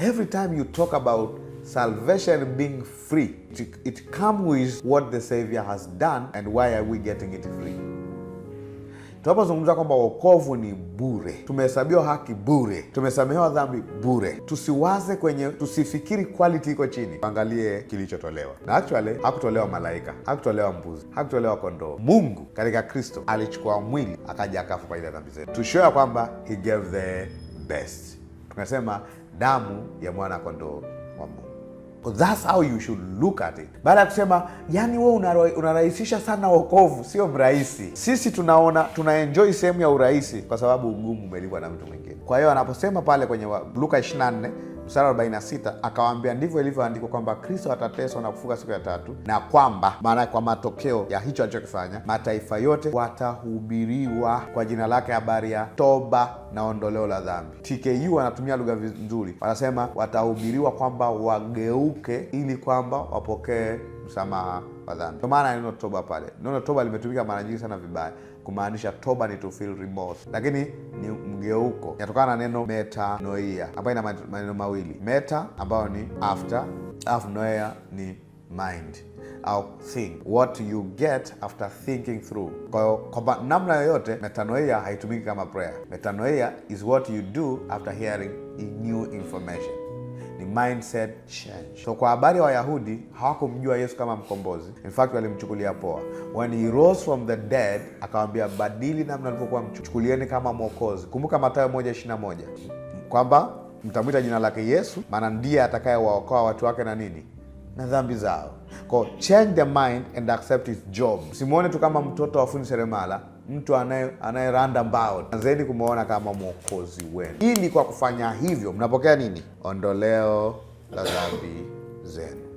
every time you talk about salvation being free, it, comes with what the Savior has done and why are we getting it free. Tunapozungumza kwamba wokovu ni bure, tumehesabiwa haki bure, tumesamehewa dhambi bure, tusiwaze kwenye, tusifikiri quality iko chini, angalie kilichotolewa. Na actually hakutolewa malaika, hakutolewa mbuzi, hakutolewa kondoo. Mungu katika Kristo alichukua mwili akaja akafa kwa ajili ya dhambi zetu, tushoya kwamba he gave the best tunasema damu ya mwana kondoo wa Mungu. So that's how you should look at it. Baada ya kusema yani, wewe unarahisisha sana wokovu, sio mrahisi. Sisi tunaona tunaenjoy sehemu ya urahisi kwa sababu ugumu umelikwa na mtu mwingine. Kwa hiyo anaposema pale kwenye Luka 24 mstari 46 akawaambia, ndivyo ilivyoandikwa kwamba Kristo atateswa na kufuka siku ya tatu, na kwamba, maana kwa matokeo ya hicho alichokifanya, mataifa yote watahubiriwa kwa jina lake habari ya toba na ondoleo la dhambi. TKU wanatumia lugha nzuri, wanasema watahubiriwa kwamba wageuke, ili kwamba wapokee msamaha kwa dhambi. Ndio maana neno toba pale, neno toba limetumika mara nyingi sana vibaya kumaanisha toba ni to feel remorse, lakini ni mgeuko, inatokana na neno metanoia ambayo ina maneno mawili, meta ambayo ni after, alafu noia ni mind au think what you get after thinking through. Kwa hiyo kwa namna yoyote, metanoia haitumiki kama prayer. Metanoia is what you do after hearing new information ni mindset change. So kwa habari ya wa Wayahudi, hawakumjua Yesu kama mkombozi, in fact walimchukulia poa. When he rose from the dead, akawaambia badili namna alivyokuwa, mchukulieni kama mwokozi. Kumbuka Mathayo 1:21 kwamba mtamwita jina lake Yesu, maana ndiye atakayewaokoa watu wake na nini na dhambi zao. Kwa change the mind and accept his job. Simwone tu kama mtoto wa fundi seremala mtu anayeranda mbao, anzeni kumwona kama mwokozi wenu, ili kwa kufanya hivyo mnapokea nini? Ondoleo la dhambi zenu.